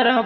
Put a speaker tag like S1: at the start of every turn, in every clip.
S1: ಪರಮ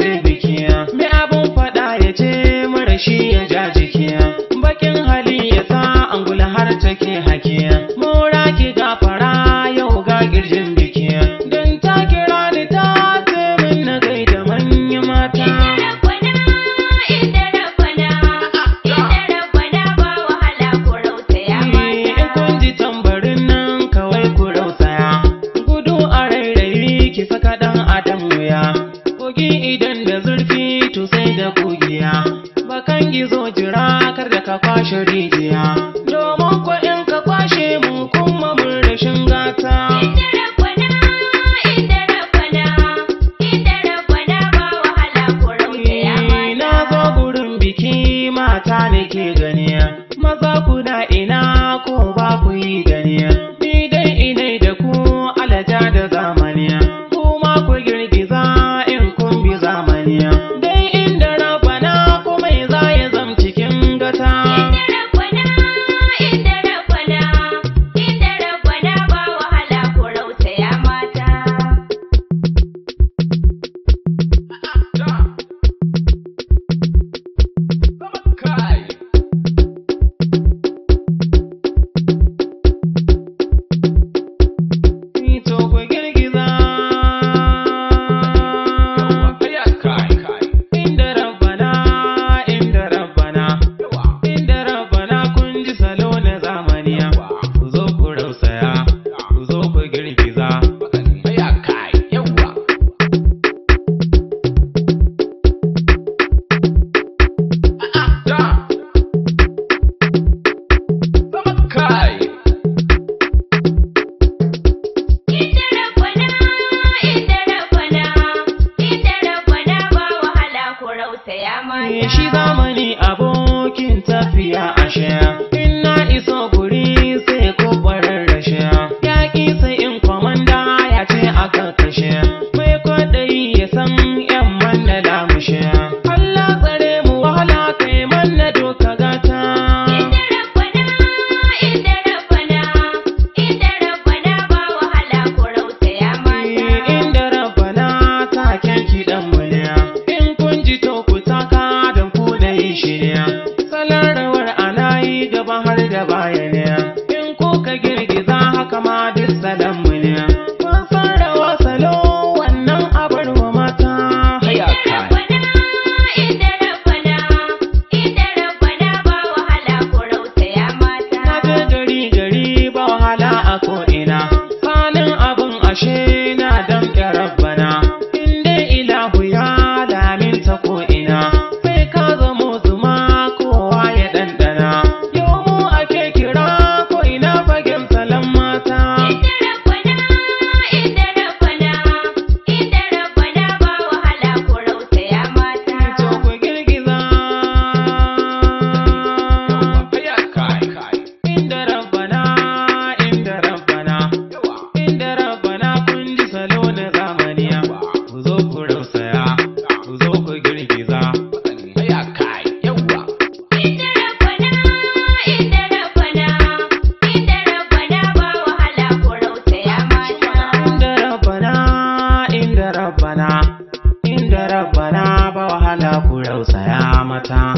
S1: ya je mai abun faɗa yaje mara shi ya ja jikiya bakin hali ya sa angula har take hakiya mora ki gafara yau ga girjin bikiya don ta kira ni ta ce min na gaida manyan mata tambarin nan kawai ku rausaya gudu a rairayi ki saka shi rijiya domin kuɗin ka kwashe mu kuma mun rashin gata eh, Na zo gurin biki mata nake gani maza ku I'm yeah. Allah ku rausaya mata.